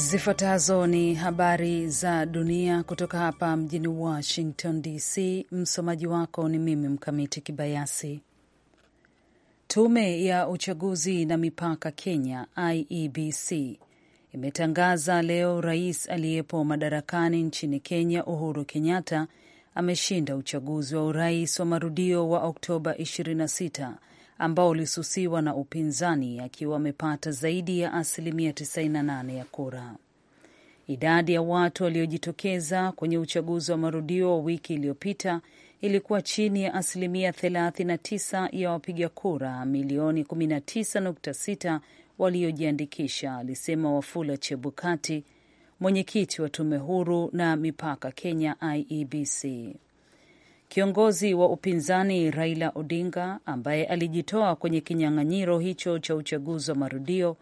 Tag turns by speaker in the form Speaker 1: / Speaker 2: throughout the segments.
Speaker 1: Zifuatazo ni habari za dunia kutoka hapa mjini Washington DC. Msomaji wako ni mimi Mkamiti Kibayasi. Tume ya uchaguzi na mipaka Kenya, IEBC, imetangaza leo rais aliyepo madarakani nchini Kenya Uhuru Kenyatta ameshinda uchaguzi wa urais wa marudio wa Oktoba 26 ambao ulisusiwa na upinzani akiwa amepata zaidi ya asilimia 98 ya kura. Idadi ya watu waliojitokeza kwenye uchaguzi wa marudio wa wiki iliyopita ilikuwa chini ya asilimia 39 ya wapiga kura milioni 19.6 waliojiandikisha, alisema Wafula Chebukati, mwenyekiti wa tume huru na mipaka Kenya, IEBC. Kiongozi wa upinzani Raila Odinga ambaye alijitoa kwenye kinyang'anyiro hicho cha uchaguzi wa marudio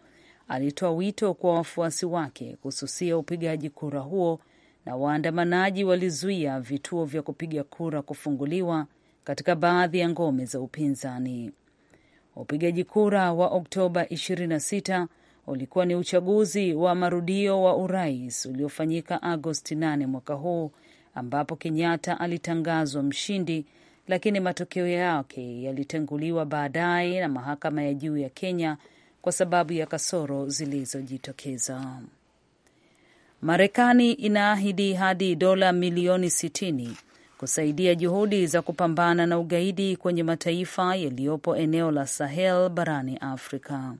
Speaker 1: alitoa wito kwa wafuasi wake kususia upigaji kura huo, na waandamanaji walizuia vituo vya kupiga kura kufunguliwa katika baadhi ya ngome za upinzani. Upigaji kura wa Oktoba 26 ulikuwa ni uchaguzi wa marudio wa urais uliofanyika Agosti 8 mwaka huu ambapo Kenyatta alitangazwa mshindi, lakini matokeo yake yalitenguliwa baadaye na mahakama ya juu ya Kenya kwa sababu ya kasoro zilizojitokeza. Marekani inaahidi hadi dola milioni 60 kusaidia juhudi za kupambana na ugaidi kwenye mataifa yaliyopo eneo la Sahel barani Afrika.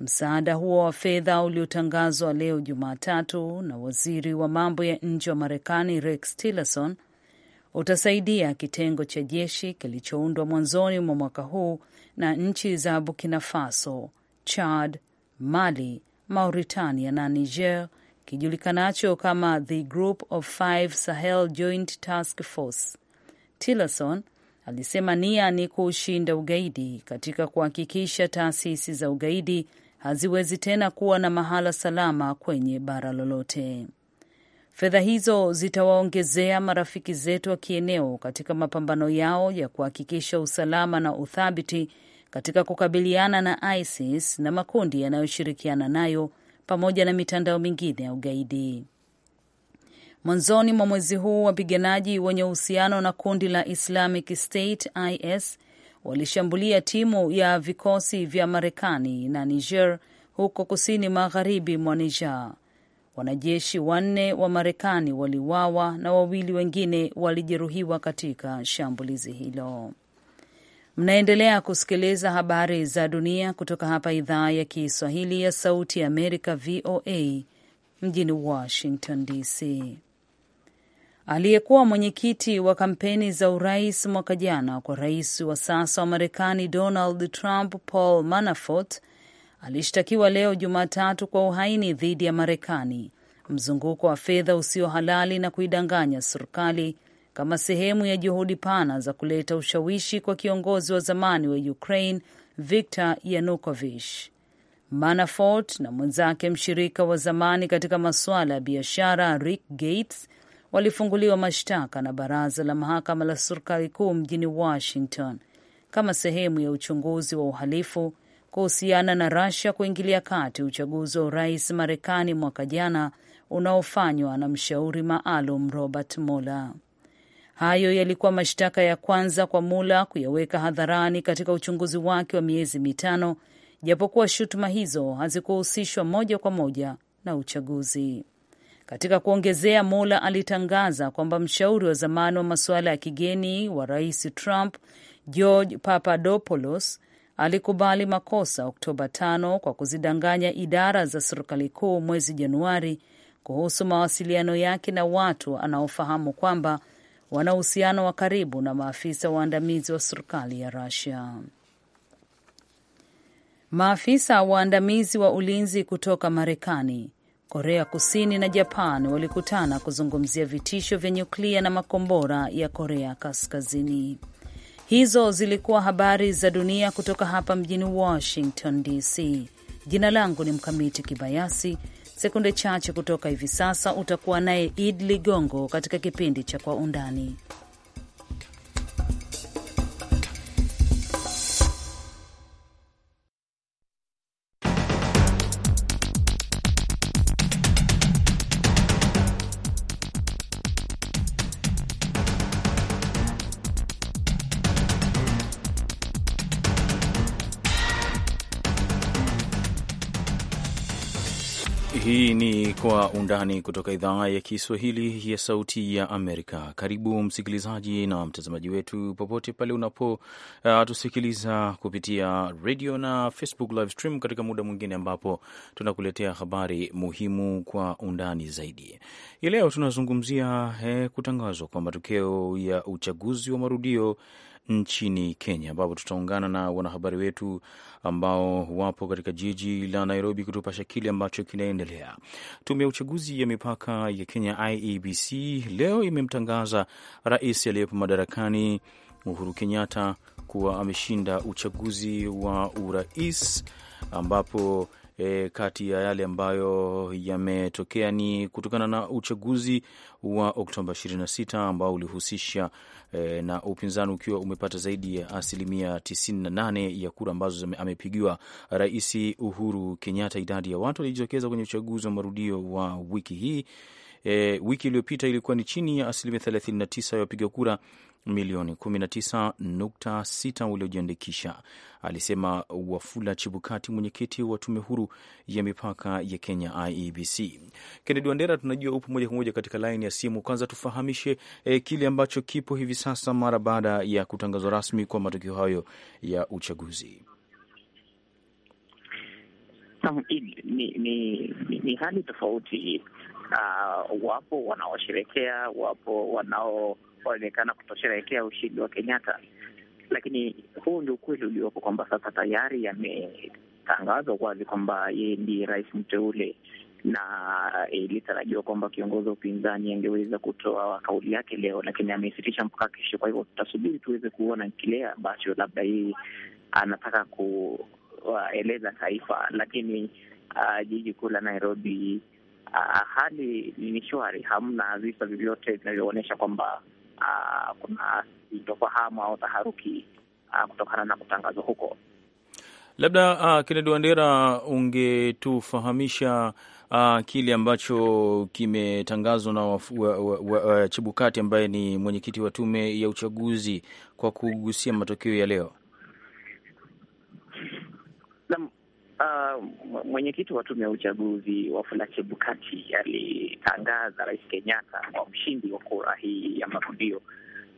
Speaker 1: Msaada huo wa fedha uliotangazwa leo Jumatatu na waziri wa mambo ya nje wa Marekani Rex Tillerson utasaidia kitengo cha jeshi kilichoundwa mwanzoni mwa mwaka huu na nchi za Burkina Faso, Chad, Mali, Mauritania na Niger kijulikanacho kama The Group of Five Sahel Joint Task Force. Tillerson alisema nia ni kuushinda ugaidi katika kuhakikisha taasisi za ugaidi haziwezi tena kuwa na mahala salama kwenye bara lolote. Fedha hizo zitawaongezea marafiki zetu wa kieneo katika mapambano yao ya kuhakikisha usalama na uthabiti katika kukabiliana na ISIS na makundi yanayoshirikiana nayo pamoja na mitandao mingine ya ugaidi. Mwanzoni mwa mwezi huu, wapiganaji wenye uhusiano na kundi la Islamic State IS walishambulia timu ya vikosi vya Marekani na Niger huko kusini magharibi mwa Niger. Wanajeshi wanne wa Marekani waliuawa na wawili wengine walijeruhiwa katika shambulizi hilo. Mnaendelea kusikiliza habari za dunia kutoka hapa idhaa ya Kiswahili ya Sauti ya Amerika, VOA, mjini Washington DC aliyekuwa mwenyekiti wa kampeni za urais mwaka jana kwa rais wa sasa wa Marekani Donald Trump, Paul Manafort alishtakiwa leo Jumatatu kwa uhaini dhidi ya Marekani, mzunguko wa fedha usio halali na kuidanganya serikali kama sehemu ya juhudi pana za kuleta ushawishi kwa kiongozi wa zamani wa Ukraine Viktor yanukovich Manafort na mwenzake mshirika wa zamani katika masuala ya biashara Rick Gates walifunguliwa mashtaka na baraza la mahakama la serikali kuu mjini Washington kama sehemu ya uchunguzi wa uhalifu kuhusiana na rasia kuingilia kati uchaguzi wa urais Marekani mwaka jana unaofanywa na mshauri maalum Robert Mueller. Hayo yalikuwa mashtaka ya kwanza kwa Mueller kuyaweka hadharani katika uchunguzi wake wa miezi mitano, japokuwa shutuma hizo hazikuhusishwa moja kwa moja na uchaguzi. Katika kuongezea, Mola alitangaza kwamba mshauri wa zamani wa masuala ya kigeni wa rais Trump, George Papadopoulos, alikubali makosa Oktoba 5 kwa kuzidanganya idara za serikali kuu mwezi Januari kuhusu mawasiliano yake na watu anaofahamu kwamba wana uhusiano wa karibu na maafisa waandamizi wa, wa serikali ya Rusia. Maafisa waandamizi wa ulinzi kutoka Marekani Korea Kusini na Japan walikutana kuzungumzia vitisho vya nyuklia na makombora ya Korea Kaskazini. Hizo zilikuwa habari za dunia kutoka hapa mjini Washington DC. Jina langu ni Mkamiti Kibayasi. Sekunde chache kutoka hivi sasa utakuwa naye Id Ligongo katika kipindi cha Kwa Undani.
Speaker 2: Undani kutoka idhaa ya Kiswahili ya Sauti ya Amerika. Karibu msikilizaji na mtazamaji wetu popote pale unapotusikiliza uh, kupitia radio na Facebook live stream, katika muda mwingine ambapo tunakuletea habari muhimu kwa undani zaidi. Hii leo tunazungumzia eh, kutangazwa kwa matokeo ya uchaguzi wa marudio nchini Kenya, ambapo tutaungana na wanahabari wetu ambao wapo katika jiji la Nairobi kutupasha kile ambacho kinaendelea. Tume ya uchaguzi ya mipaka ya Kenya, IEBC, leo imemtangaza rais aliyepo madarakani Uhuru Kenyatta kuwa ameshinda uchaguzi wa urais ambapo e, kati ya yale ambayo yametokea ni kutokana na uchaguzi wa Oktoba 26 ambao ulihusisha e, na upinzani ukiwa umepata zaidi ya asilimia 98 ya kura ambazo amepigiwa Rais Uhuru Kenyatta. Idadi ya watu walijitokeza kwenye uchaguzi wa marudio wa wiki hii E, wiki iliyopita ilikuwa ni chini ya asilimia 39 ya wapiga kura, milioni 19.6 waliojiandikisha, alisema Wafula Chibukati, mwenyekiti wa tume huru ya mipaka ya Kenya, IEBC. Kennedy Wandera, tunajua upo moja kwa moja katika laini ya simu. Kwanza tufahamishe eh, kile ambacho kipo hivi sasa mara baada ya kutangazwa rasmi kwa matokeo hayo ya uchaguzi.
Speaker 3: Ni, ni, ni, ni hali tofauti. Uh, wapo wanaosherekea, wapo wanao walionekana kutosherehekea ushindi wa Kenyatta, lakini huu ndio ukweli uliopo kwamba sasa tayari yametangazwa wazi kwamba yeye ndiye rais mteule na eh, ilitarajiwa kwamba kiongozi wa upinzani angeweza kutoa kauli yake leo, lakini ameisitisha mpaka kesho. Kwa hivyo tutasubiri tuweze kuona kile ambacho labda yeye anataka kueleza taifa. Lakini uh, jiji kuu la Nairobi, uh, hali ni shwari, hamna visa vyovyote vinavyoonyesha kwamba uh, kuna sintofahamu au taharuki uh, kutokana na kutangazwa huko.
Speaker 2: Labda uh, Kennedy Wandera, ungetufahamisha uh, kile ambacho kimetangazwa na chibukati Chebukati ambaye ni mwenyekiti wa tume ya uchaguzi kwa kugusia matokeo ya leo.
Speaker 3: Uh, mwenyekiti wa tume ya uchaguzi Wafula Chebukati alitangaza Rais Kenyatta kwa mshindi wa kura hii ya marudio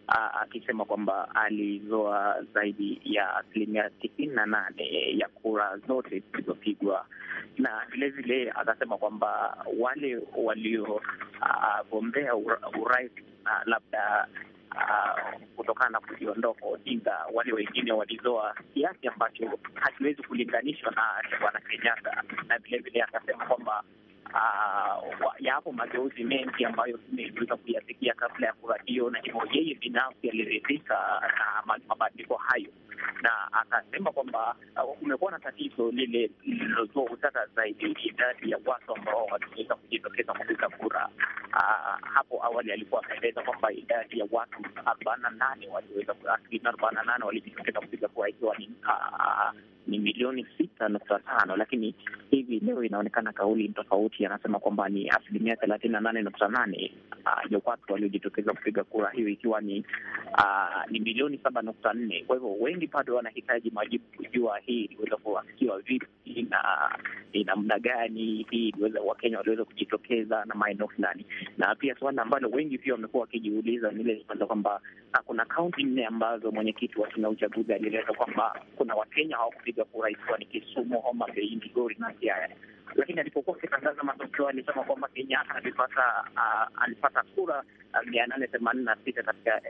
Speaker 3: uh, akisema kwamba alizoa zaidi ya asilimia tisini na nane ya kura zote zilizopigwa, na vilevile akasema kwamba wale waliogombea uh, urais uh, labda Uh, kutokana na kujiondoa kwa Odinga, wale wengine walizoa kiasi ambacho hakiwezi kulinganishwa na Bwana Kenyatta, na vilevile akasema kwamba Uh, yapo mageuzi mengi ambayo tumeweza kuyafikia kabla ya kura hiyo, na hivyo yeye binafsi aliridhika na mabadiliko hayo, na akasema kwamba uh, kumekuwa uh, na tatizo lile lililozua utata zaidi, idadi ya watu ambao waliweza kujitokeza hapo awali alikuwa ameeleza kwamba idadi ya watu arobaini na nane waliweza, asilimia arobaini na nane walijitokeza kupiga kura ikiwa ni ah, milioni tisa nukta tano lakini hivi leo inaonekana kauli tofauti. Anasema kwamba ni asilimia thelathini na nane nukta nane ya ah, watu waliojitokeza kupiga kura hiyo, ikiwa ni ah, ni milioni saba nukta nne. Kwa hivyo wengi bado wanahitaji majibu kujua hii iliweza kuwafikiwa vipi na ni namna gani hii iliweza Wakenya waliweza kujitokeza na maeneo fulani, na pia suala ambalo wengi pia wamekuwa wakijiuliza ni ile suala kwamba ah, kuna kaunti nne ambazo mwenyekiti wa tume ya uchaguzi alieleza kwamba kuna Wakenya hawakupiga kura ikiwa ni kesi Kisumu kwamba Migori na Siaya, lakini alipokuwa akitangaza matokeo alisema kwamba Kenyatta alipata alipata kura mia nane themanini na sita katika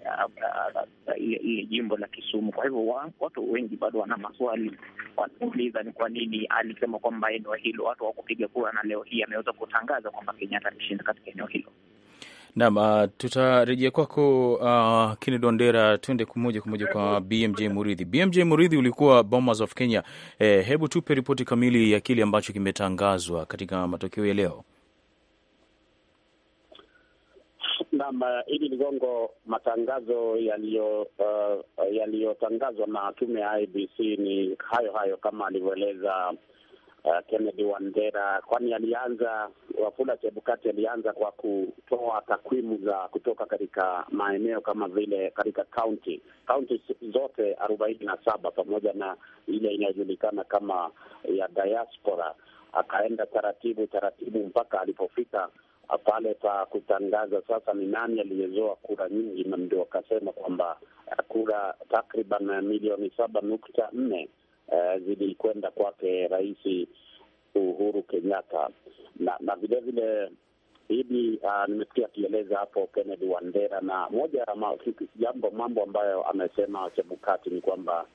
Speaker 3: ile jimbo la Kisumu. Kwa hivyo watu wengi bado wana maswali, wanauliza ni kwa nini alisema kwamba eneo hilo watu wakupiga kura, na leo hii ameweza kutangaza kwamba Kenyatta alishinda katika eneo hilo
Speaker 2: nam ah, tutarejea kwako uh, Kennedy Ondera, twende moja kwa moja kwa BMJ Muridhi. BMJ Muridhi, ulikuwa Bomas of Kenya. Eh, hebu tupe ripoti kamili ya kile ambacho kimetangazwa katika matokeo ya leo.
Speaker 4: Nam, hili ah, ligongo matangazo yaliyotangazwa uh, yaliyo na tume ya IBC ni hayo hayo kama alivyoeleza uh, Kennedy Wandera, kwani alianza, Wafula Chebukati alianza kwa kutoa takwimu za kutoka katika maeneo kama vile katika kaunti kaunti zote arobaini na saba pamoja na ile inayojulikana kama ya diaspora, akaenda taratibu taratibu mpaka alipofika uh, pale pa kutangaza sasa ni nani aliyezoa kura nyingi, na ndio akasema kwamba uh, kura takriban uh, milioni saba nukta nne uh, eh, zilikwenda kwake Rais Uhuru Kenyatta na na vilevile hivi uh, ah, nimesikia akieleza hapo Kennedy Wandera, na moja ya jambo mambo ambayo amesema Chebukati ni kwamba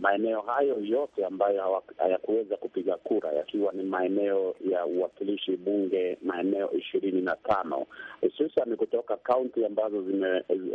Speaker 4: maeneo hayo yote ambayo hayakuweza kupiga kura yakiwa ni maeneo ya uwakilishi bunge, maeneo ishirini na tano hususan kutoka kaunti ambazo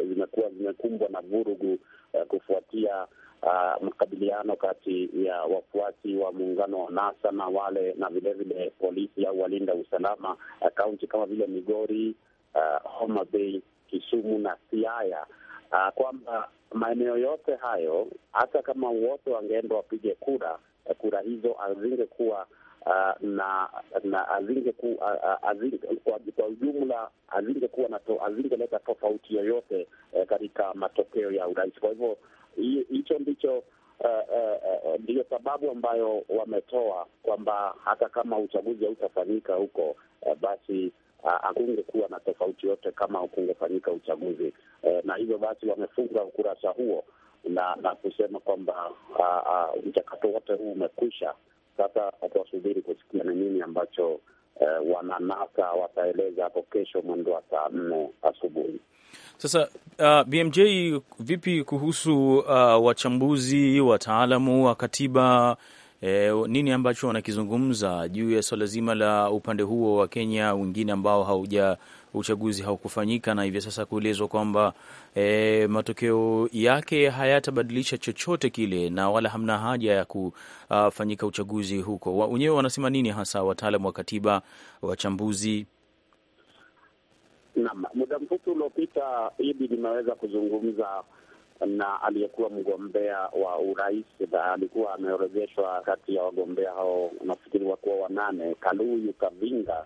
Speaker 4: zimekuwa zimekumbwa na vurugu uh, kufuatia uh, makabiliano kati ya wafuasi wa muungano wa NASA na wale na vilevile polisi au walinda usalama uh, kaunti uh, kama vile Migori, uh, Homa Bay, Kisumu na Siaya uh, kwamba maeneo yote hayo hata kama wote wangeenda wapige kura, uh, kura hizo hazingekuwa Uh, na na azingeku, uh, uh azinge, kwa, kwa ujumla azingekuwa azingeleta tofauti yoyote eh, katika matokeo ya urais. Kwa hivyo hicho ndicho eh, eh, eh, ndiyo sababu ambayo wametoa kwamba hata kama uchaguzi hautafanyika huko basi ah, hakungekuwa na tofauti yote kama kungefanyika uchaguzi na hivyo basi wamefunga ukurasa huo na na kusema kwamba ah, ah, mchakato wote huu umekwisha. Sasa tuwasubiri kusikia ni nini ambacho wananasa wataeleza hapo kesho mwendo wa saa nne
Speaker 2: asubuhi. Sasa uh, BMJ, vipi kuhusu uh, wachambuzi wataalamu wa katiba e, nini ambacho wanakizungumza juu ya swala zima la upande huo wa Kenya, wengine ambao hauja uchaguzi haukufanyika na hivi sasa kuelezwa kwamba e, matokeo yake hayatabadilisha chochote kile na wala hamna haja ya kufanyika uchaguzi huko. Wenyewe wanasema nini hasa wataalamu wa katiba, wachambuzi
Speaker 4: Naam, muda mfupi uliopita hivi nimeweza kuzungumza na aliyekuwa mgombea wa urais, alikuwa ameorodheshwa kati ya wagombea hao, nafikiri wakuwa wanane, Kaluyu Kavinga.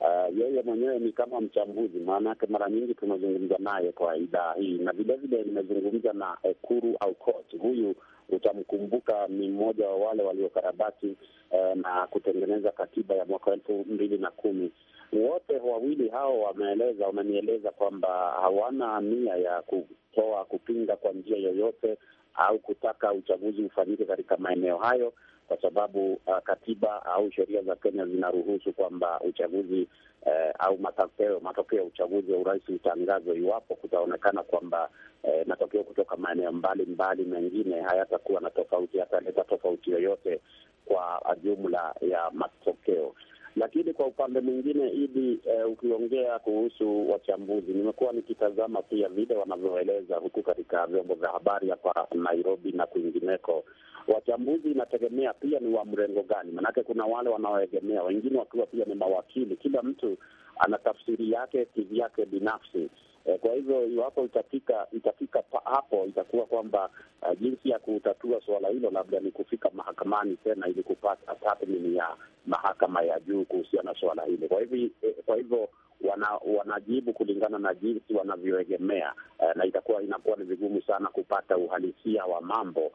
Speaker 4: Uh, yeye mwenyewe ni kama mchambuzi, maanake mara nyingi tumezungumza naye kwa idhaa hii, na vilevile nimezungumza na Ekuru Aukot. Huyu utamkumbuka ni mmoja wa wale waliokarabati uh, na kutengeneza katiba ya mwaka elfu mbili na kumi wote wawili hao wameeleza, wamenieleza kwamba hawana nia ya kutoa kupinga kwa njia yoyote au kutaka uchaguzi ufanyike katika maeneo hayo, kwa sababu uh, katiba au sheria za Kenya zinaruhusu kwamba uchaguzi uh, au matokeo matokeo ya uchaguzi wa urais utangazwe iwapo kutaonekana kwamba uh, matokeo kutoka maeneo mbalimbali mengine hayatakuwa na tofauti, hataleta tofauti yoyote kwa jumla ya matokeo. Lakini kwa upande mwingine Idi, e, ukiongea kuhusu wachambuzi, nimekuwa nikitazama pia vile wanavyoeleza huku katika vyombo vya habari hapa Nairobi na kwingineko. Wachambuzi inategemea pia ni wa mrengo gani, maanake kuna wale wanaoegemea, wengine wakiwa pia ni mawakili. Kila mtu ana tafsiri yake kivyake binafsi. Eh, kwa hivyo iwapo itafika itafika hapo, itakuwa kwamba uh, jinsi ya kutatua suala hilo labda ni kufika mahakamani tena ili kupata tathmini ya mahakama ya juu kuhusiana na suala hili. Kwa hivyo eh, kwa hivyo wana, wanajibu kulingana na jinsi wanavyoegemea uh, na itakuwa inakuwa ni vigumu sana kupata uhalisia wa mambo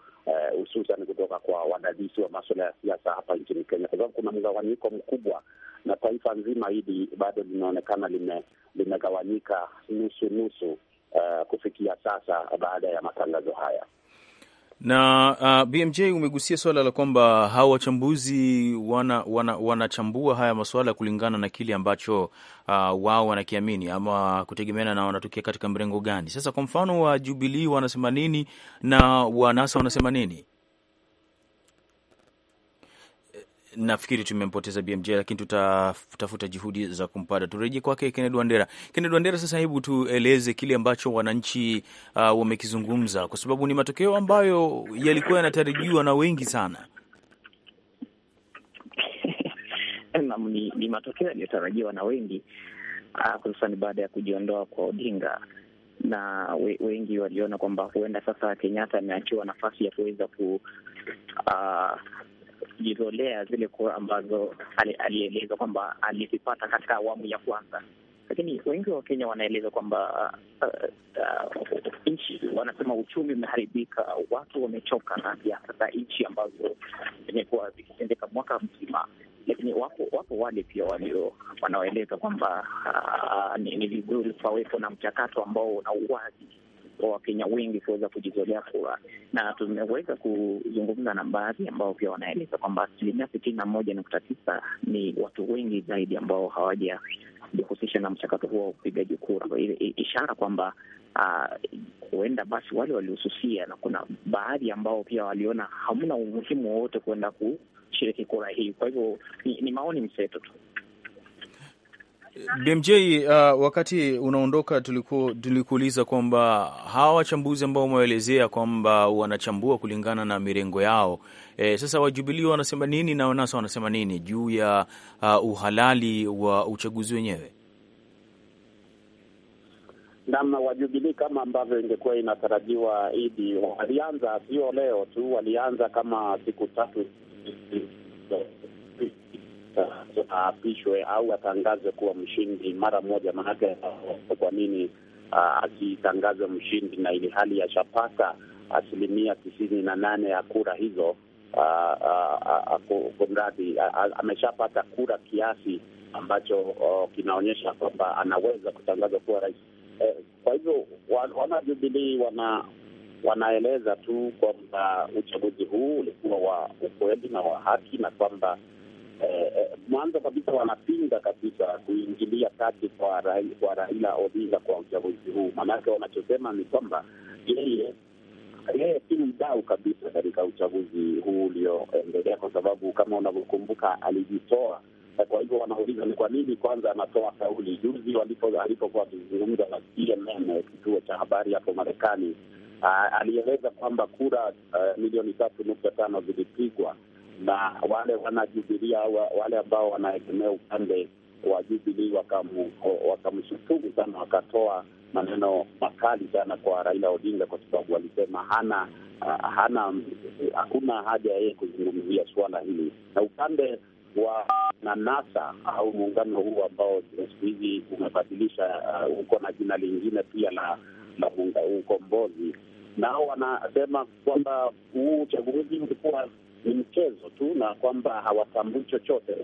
Speaker 4: hususan uh, kutoka kwa wadadisi wa maswala ya siasa hapa nchini Kenya, kwa sababu kuna mgawanyiko mkubwa na taifa nzima hili bado linaonekana limegawanyika nusu nusu, uh, kufikia sasa baada ya matangazo haya
Speaker 2: na uh, ah, BMJ umegusia suala la kwamba hawa wachambuzi wanachambua wana, wana haya masuala kulingana na kile ambacho uh, wao wanakiamini ama kutegemeana na wanatokea katika mrengo gani. Sasa kwa mfano wa Jubilii wanasema nini na wanasa wanasema nini? nafikiri tumempoteza BMJ, lakini tutatafuta juhudi za kumpata. Turejee kwake Kennedy Wandera. Kennedy Wandera, sasa hebu tueleze kile ambacho wananchi uh, wamekizungumza, kwa sababu ni matokeo ambayo yalikuwa yanatarajiwa na wengi sana.
Speaker 3: Naam, ni, ni matokeo yaliyotarajiwa na wengi uh, hususan baada ya kujiondoa kwa Odinga na we, wengi waliona kwamba huenda sasa Kenyatta ameachiwa nafasi ya kuweza ku, uh, kujitolea zile kura ambazo alieleza kwamba alizipata katika awamu ya kwanza lakini wengi wa Wakenya wanaeleza kwamba uh, uh, nchi wanasema uchumi umeharibika, watu wamechoka na siasa za nchi ambazo zimekuwa zikitendeka mwaka mzima. Lakini wapo wapo wale pia walio wanaoeleza kwamba uh, ni vizuri pawepo na mchakato ambao una uwazi kwa Wakenya wengi kuweza kujizolea kura, na tumeweza kuzungumza na baadhi ambao pia wanaeleza kwamba asilimia sitini na moja nukta tisa ni watu wengi zaidi ambao hawajajihusisha na mchakato huo wa upigaji kura, ishara kwamba huenda uh, basi wale walihususia na kuna baadhi ambao pia waliona hamna umuhimu wowote kuenda kushiriki kura hii. Kwa hivyo ni, ni maoni mseto tu.
Speaker 2: BMJ, uh, wakati unaondoka tulikuuliza kwamba hawa wachambuzi ambao umewaelezea kwamba wanachambua kulingana na mirengo yao e, sasa wajubilii wanasema nini na wanasa wanasema nini juu ya uh, uhalali wa uchaguzi wenyewe?
Speaker 4: Naam, wajubilii kama ambavyo ingekuwa inatarajiwa idi, walianza sio leo tu, walianza kama siku tatu aapishwe au atangazwe kuwa mshindi mara moja. Maanake kwa nini akitangazwa mshindi na ili hali ya asilimia tisini na nane ya kura hizo kumradi ameshapata kura kiasi ambacho kinaonyesha kwamba anaweza kutangazwa kuwa rais. Eh, kwa hivyo wanajubilii wana wanaeleza tu kwamba uchaguzi huu ulikuwa wa ukweli na wa haki na kwamba Eh, eh, mwanzo kabisa wanapinga kabisa kuingilia kati kwa, kwa Raila Odinga kwa uchaguzi huu. Maanake wanachosema ni kwamba yeye yeye si mdau kabisa katika uchaguzi huu ulioendelea, kwa sababu kama unavyokumbuka alijitoa. Kwa hivyo wanauliza ni kwa nini kwanza anatoa kauli. Juzi alipokuwa akizungumza na CNN, kituo cha habari hapo Marekani, alieleza kwamba kura uh, milioni tatu nukta tano zilipigwa na wale wanajubilia wa, wale ambao wanaegemea upande wa Jubilii wakamshutumu sana, wakatoa maneno makali sana kwa Raila Odinga kwa sababu walisema hana hana hakuna haja ya yeye kuzungumzia suala hili, na upande wa na NASA au muungano huu ambao siku hizi umebadilisha uh, uko na jina lingine pia la la ukombozi, nao wanasema kwamba huu uchaguzi ulikuwa ni mchezo tu na kwamba hawatambui chochote.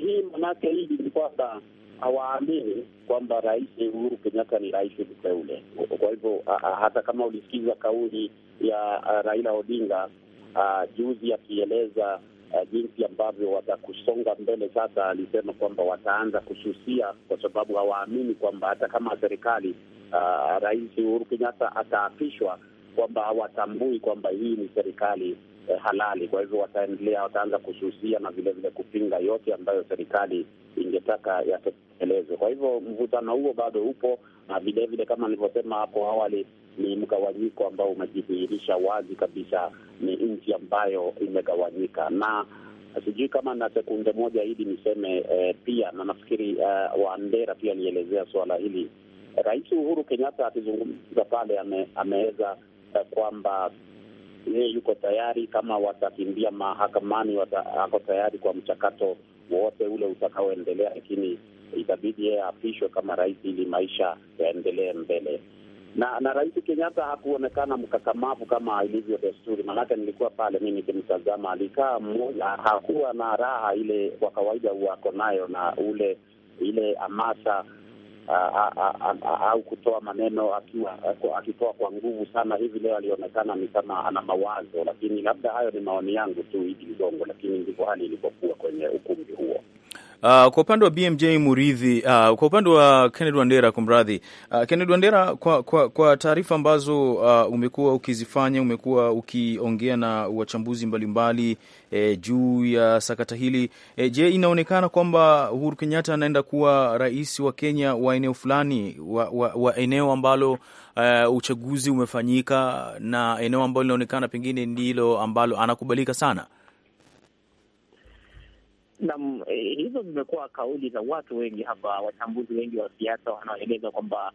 Speaker 4: Hii manake hili ni kwamba hawaamini kwamba Rais Uhuru Kenyatta ni rais mteule. Kwa hivyo hata kama ulisikiza kauli ya a, Raila Odinga a, juzi akieleza jinsi ambavyo watakusonga mbele sasa, alisema kwamba wataanza kususia kwa sababu hawaamini kwamba hata kama serikali Rais Uhuru Kenyatta ataapishwa, kwamba hawatambui kwamba hii ni serikali Eh, halali. Kwa hivyo wataendelea, wataanza kususia na vilevile kupinga yote ambayo serikali ingetaka yatekelezwe. Kwa hivyo mvutano huo bado upo, na vilevile kama nilivyosema hapo awali, ni mgawanyiko ambao umejidhihirisha wazi kabisa. Ni nchi ambayo imegawanyika na sijui kama na sekunde moja hili niseme eh, pia na nafikiri eh, Wandera pia alielezea suala hili. Rais Uhuru Kenyatta akizungumza pale ameweza ame, eh, kwamba yeye yuko tayari, kama watakimbia mahakamani wata, ako tayari kwa mchakato wote ule utakaoendelea, lakini itabidi yeye aapishwe kama rais ili maisha yaendelee mbele. Na na Rais Kenyatta hakuonekana mkakamavu kama ilivyo desturi, maanake nilikuwa pale mi nikimtazama, alikaa mmoja, hakuwa na raha ile kwa kawaida huwako nayo na ule ile amasa au kutoa maneno akitoa kwa nguvu sana. Hivi leo alionekana ni kama ana mawazo, lakini labda hayo ni maoni yangu tu, Idi Ligongo, lakini ndivyo hali ilivyokuwa kwenye ukumbi huo.
Speaker 2: Uh, kwa upande wa BMJ Muridhi, uh, kwa upande wa Kennedy Wandera, kumradhi, uh, Kennedy Wandera, kwa, kwa, kwa taarifa ambazo uh, umekuwa ukizifanya, umekuwa ukiongea na wachambuzi mbalimbali mbali, eh, juu ya sakata hili eh, je, inaonekana kwamba Uhuru Kenyatta anaenda kuwa rais wa Kenya wa eneo fulani wa, wa, wa eneo ambalo uh, uchaguzi umefanyika na eneo ambalo linaonekana pengine ndilo ambalo anakubalika sana?
Speaker 3: Naam, e, eh, hizo zimekuwa kauli za watu wengi hapa, wachambuzi wengi wa siasa wanaoeleza kwamba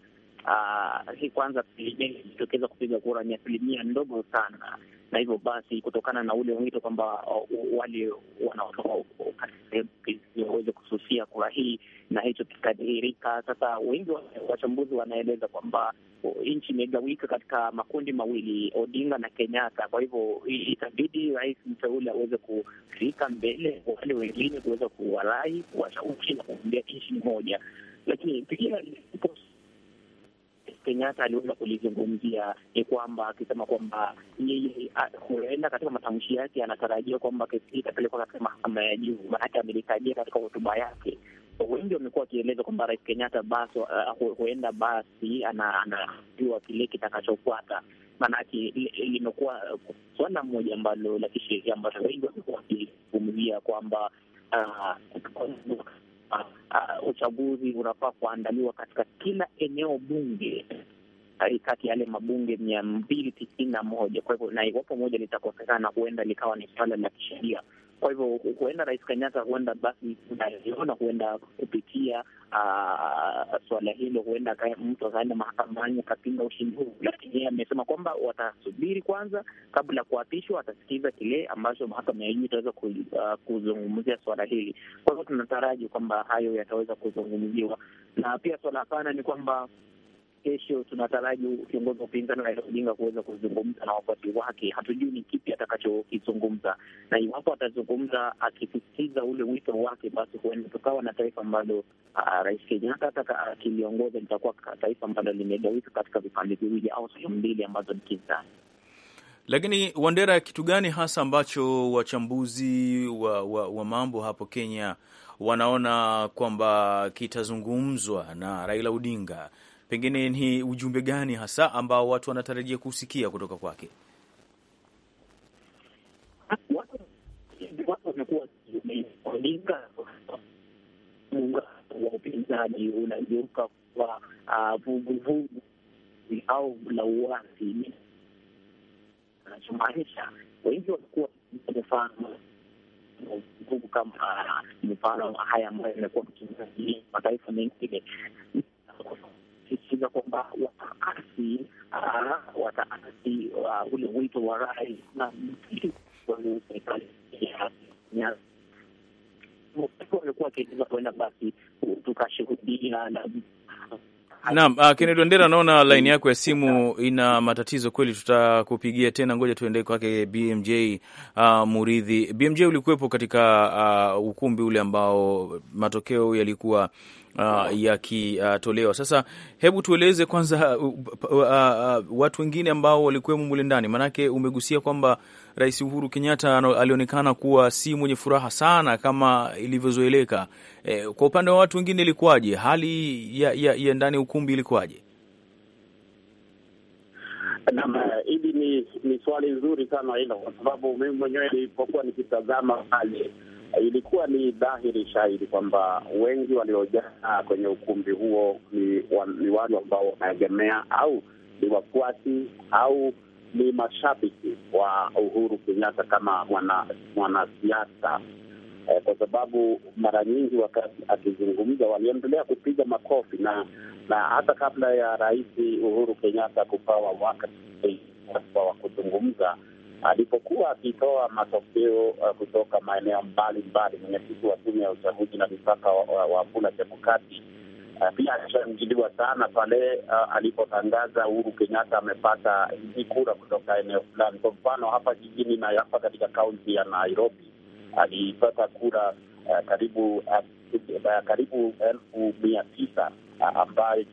Speaker 3: hii ah, kwanza asilimia ilijitokeza kupiga kura ni asilimia ndogo sana na hivyo basi, kutokana na ule wito kwamba uh, wale wanaotoka waweze kususia kura hii na hicho kikadhihirika. Sasa wengi wachambuzi wanaeleza kwamba nchi imegawika katika makundi mawili, Odinga na Kenyatta. Kwa hivyo itabidi rais mteule aweze kufika mbele wale wengine kuweza kuwarai, kuwashawishi na kuambia nchi ni moja, lakini pia Kenyatta aliweza kulizungumzia ni kwamba akisema kwamba yeye huenda katika matamshi yake anatarajia kwamba kesi hii itapelekwa katika mahakama ya juu, maanake amelitajia katika hotuba yake. Wengi wamekuwa wakieleza kwamba rais Kenyatta basi huenda basi anajua kile kitakachofuata, maanake limekuwa swala moja ambalo la kisheria ambalo wengi wamekuwa wakizungumzia kwamba Uh, uh, uchaguzi unafaa kuandaliwa katika kila eneo bunge uh, kati ya yale mabunge mia mbili tisini na moja. Kwa hivyo na iwapo moja litakosekana, huenda likawa ni swala la kisheria. Kwa hivyo huenda Rais Kenyatta, huenda basi naiona, huenda kupitia suala hilo, huenda mtu akaenda mahakamani akapinga ushindi huu, lakini yeye amesema kwamba watasubiri kwanza, kabla ya kuapishwa, watasikiza kile ambacho mahakama ya juu itaweza kuzungumzia suala hili. Kwa hivyo tunataraji kwamba hayo yataweza kuzungumziwa, na pia suala pana ni kwamba kesho tunataraji kiongozi wa upinzani Raila Odinga kuweza kuzungumza na wafuasi wake. Hatujui ni kipi atakachokizungumza, na iwapo atazungumza akisisitiza ule wito wake, basi huenda tukawa na taifa ambalo uh, Rais Kenyatta hata akiliongoza litakuwa taifa ambalo limegawika katika vipande viwili au sehemu mbili ambazo ni kinzani.
Speaker 2: Lakini Wandera, kitu gani hasa ambacho wachambuzi wa, wa, wa mambo hapo Kenya wanaona kwamba kitazungumzwa na Raila Odinga pengine ni ujumbe gani hasa ambao watu wanatarajia kusikia kutoka kwake?
Speaker 3: Watu wa upinzani unageuka kwa ah, vuguvugu au la anachomaanisha wengi wamekuwa mfano kama ah, mfano haya ambayo imekuwa mataifa mengine akisisitiza kwamba wataasi ah, wataasi ah, ule wito wa rai na serikali walikuwa wakieleza kuenda basi tukashuhudia na
Speaker 2: Naam, uh, Kennedy Wandera, naona laini yako ya simu ina matatizo kweli, tutakupigia tena. Ngoja tuende kwake BMJ uh, Muridhi. BMJ, ulikuwepo katika uh, ukumbi ule ambao matokeo yalikuwa uh, yakitolewa. Uh, sasa hebu tueleze kwanza uh uh, uh, uh, uh, watu wengine ambao walikuwemo mule ndani, maanake umegusia kwamba Rais Uhuru Kenyatta alionekana kuwa si mwenye furaha sana kama ilivyozoeleka. Eh, kwa upande wa watu wengine ilikuwaje? Hali ya, ya, ya ndani ya ukumbi ilikuwaje?
Speaker 4: Naam, hili ni, ni swali nzuri sana hilo, kwa sababu mimi mwenyewe nilipokuwa nikitazama Eh, ilikuwa ni dhahiri shahidi kwamba wengi waliojaa kwenye ukumbi huo ni, wa, ni wale ambao wanaegemea au ni wafuasi au ni mashabiki wa Uhuru Kenyatta kama mwanasiasa eh, kwa sababu mara nyingi wakati akizungumza waliendelea kupiga makofi na na hata kabla ya Rais Uhuru Kenyatta kupawa wakati wa kuzungumza Mm. alipokuwa akitoa matokeo uh, kutoka maeneo mbalimbali. Mwenyekiti wa tume ya uchaguzi na mipaka Wafula Chebukati uh, pia alishangiliwa sana pale uh, alipotangaza Uhuru Kenyatta amepata hizi kura kutoka eneo fulani. Kwa mfano hapa jijini na hapa katika kaunti ya Nairobi alipata kura uh, karibu uh, uh karibu elfu mia tisa uh, ambayo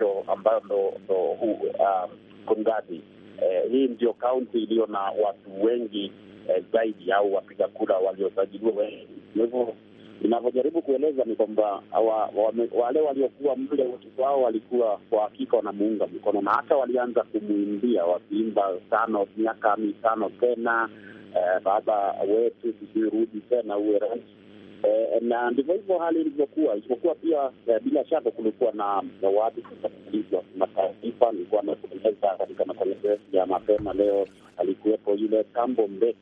Speaker 4: ndo uh, Kung'athi eh, hii ndio kaunti iliyo na watu wengi eh, zaidi au wapiga kura waliosajiliwa wengi. Kwa hivyo inavyojaribu kueleza ni kwamba wale waliokuwa mle wao walikuwa kwa hakika wanamuunga mkono, na hata walianza kumwimbia wakiimba tano miaka mitano tena, eh, baba wetu, sijui rudi tena uwe rais eh, na ndivyo hivyo hali ilivyokuwa, isipokuwa pia eh, bila shaka kulikuwa na watu kusikilizwa. Kuna taarifa alikuwa katika matangazo yetu ya mapema leo, alikuwepo yule tambo Mbeki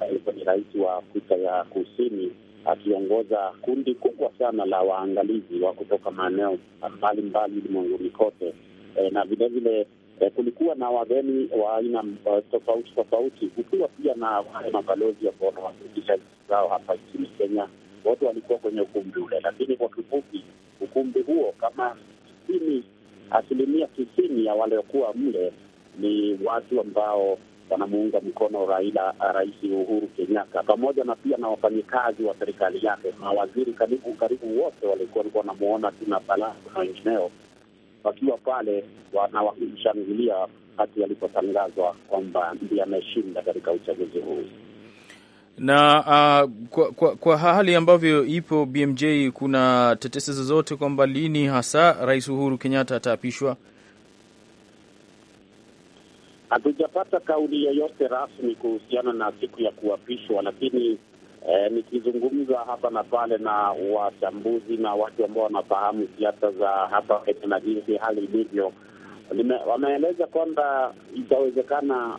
Speaker 4: alikuwa ni rais wa Afrika ya Kusini akiongoza kundi kubwa sana la waangalizi wa kutoka maeneo mbalimbali ulimwenguni kote, eh, na vilevile eh, kulikuwa na wageni wa aina eh, tofauti tofauti, kukiwa pia na wale mabalozi ambao wanawakilisha nchi zao hapa nchini Kenya. Wote walikuwa kwenye ukumbi ule, lakini kwa kifupi, ukumbi huo kama tisini, asilimia tisini ya waliokuwa mle ni watu ambao wanamuunga mkono Raila, eh, Rais Uhuru Kenyatta, pamoja na pia na wafanyikazi wa serikali yake. Mawaziri karibu karibu wote walikuwa walikuwa wanamuona tu na balaa na wengineo wakiwa pale wanawakishangilia wakati alipotangazwa kwamba ndiye ameshinda katika uchaguzi huu
Speaker 2: na uh, kwa, kwa, kwa hali ambavyo ipo BMJ, kuna tetesi zozote kwamba lini hasa Rais Uhuru Kenyatta ataapishwa?
Speaker 4: Hatujapata kauli yoyote rasmi kuhusiana na siku ya kuapishwa, lakini eh, nikizungumza hapa na pale na wachambuzi na watu ambao wanafahamu siasa za hapa Kenya na jinsi hali ilivyo, wameeleza kwamba itawezekana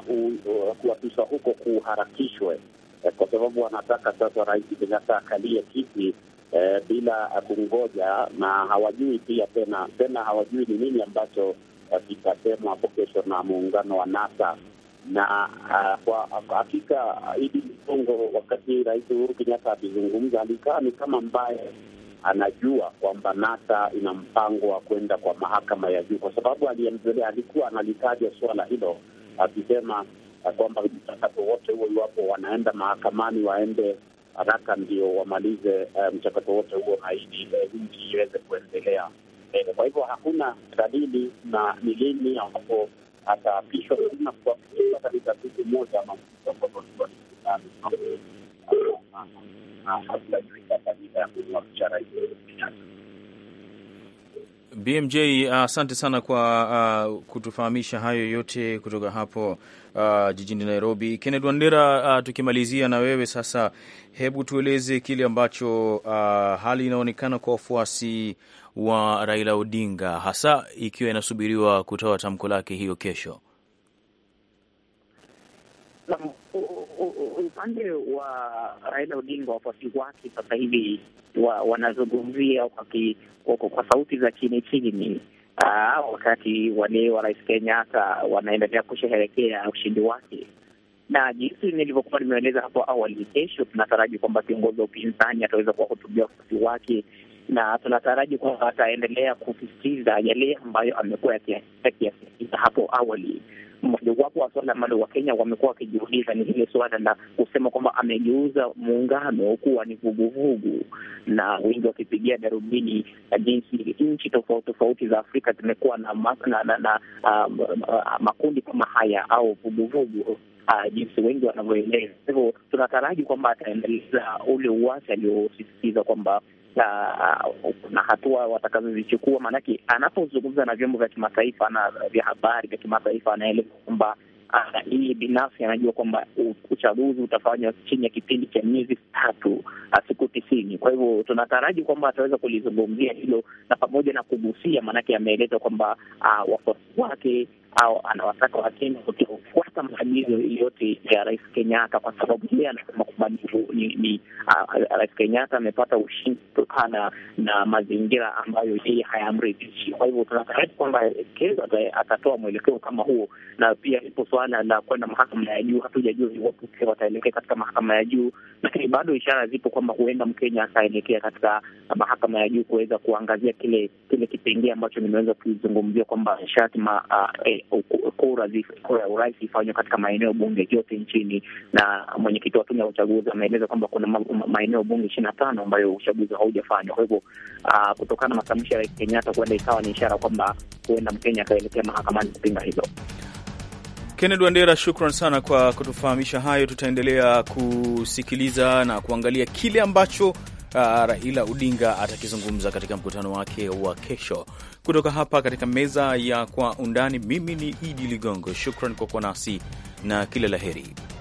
Speaker 4: kuwapishwa huko kuharakishwe, eh, kwa sababu wanataka sasa Rais Kenyatta akalie kiti eh, bila kungoja, na hawajui pia tena tena hawajui ni nini ambacho kitasemwa hapo kesho na muungano wa NASA na uh, kwa hakika Idi Ligongo, wakati Rais Uhuru Kenyatta akizungumza, alikaa ni kama ambaye anajua kwamba NASA ina mpango wa kwenda kwa mahakama ya juu, kwa sababu aliendelea, alikuwa analitaja suala hilo akisema kwamba mchakato wote huo, iwapo wanaenda mahakamani, waende haraka ndio wamalize eh, mchakato wote huo na ili eh, nchi iweze kuendelea. Eh, kwa hivyo hakuna dalili na ni lini ambapo ataapishwa tena kuapishwa katika siku moja ama
Speaker 2: BMJ, asante uh, sana kwa uh, kutufahamisha hayo yote kutoka hapo uh, jijini Nairobi. Kenneth Wandera, uh, tukimalizia na wewe sasa, hebu tueleze kile ambacho uh, hali inaonekana kwa wafuasi wa Raila Odinga, hasa ikiwa inasubiriwa kutoa tamko lake hiyo kesho.
Speaker 3: Upande wa Raila Odinga, wafuasi wake sasa hivi wanazungumzia kwa sauti za chini chini, wakati wale wa Rais Kenyatta wanaendelea kusherehekea ushindi wake na jinsi nilivyokuwa nimeeleza hapo awali, kesho tunataraji kwamba kiongozi wa upinzani ataweza kuwahutubia wafuasi wake na tunataraji kwamba ataendelea kusisitiza yale ambayo amekuwa yakiyasisitiza hapo awali. Mojawapo wa suala ambalo Wakenya wamekuwa wakijiuliza ni hili suala la kusema kwamba amegeuza muungano kuwa ni vuguvugu, na wengi wakipigia darubini na jinsi nchi tofauti tofauti za Afrika zimekuwa na, na, na, na uh, makundi kama haya au vuguvugu. Uh, jinsi wengi wanavyoeleza. Kwa hivyo tunataraji kwamba ataendeleza ule uwasi aliosisitiza kwamba uh, na hatua watakazozichukua. Maanake anapozungumza na vyombo vya kimataifa na vya habari vya kimataifa, anaeleza kwamba ah, yeye binafsi anajua kwamba uchaguzi utafanywa chini ya kipindi cha miezi tatu, ah, siku tisini. Kwa hivyo tunataraji kwamba ataweza kulizungumzia hilo na pamoja na kugusia, maanake ameeleza kwamba ah, wafuasi wake au anawataka Wakenya kutofuata maagizo yote ya Rais Kenyatta, kwa sababu yeye anasema kwamba ni, ni uh, Rais Kenyatta amepata ushindi kutokana na mazingira ambayo yeye hayamridhishi. Kwa hivyo tunataraji kwamba Keza atatoa mwelekeo kama huo, na pia lipo suala la kwenda mahakama ya juu. Hatujajua iwapo wataelekea katika mahakama ya juu, lakini bado ishara zipo kwamba huenda Mkenya akaelekea katika mahakama ya juu kuweza kuangazia kile kile kipengee ambacho nimeweza kuzungumzia kwamba shati ma, uh, kura ya urais ifanywe katika maeneo bunge yote nchini, na mwenyekiti wa tume ya uchaguzi ameeleza kwamba kuna maeneo bunge ishirini na tano ambayo uchaguzi haujafanywa. Kwa hivyo uh, kutokana na matamshi ya Rais Kenyatta, huenda ikawa ni ishara kwamba huenda Mkenya akaelekea mahakamani kupinga hilo.
Speaker 2: Kennedy Wandera, shukran sana kwa kutufahamisha hayo. Tutaendelea kusikiliza na kuangalia kile ambacho uh, Raila Odinga atakizungumza katika mkutano wake wa kesho. Kutoka hapa katika meza ya Kwa Undani, mimi ni Idi Ligongo. Shukran kwa kuwa nasi na kila la heri.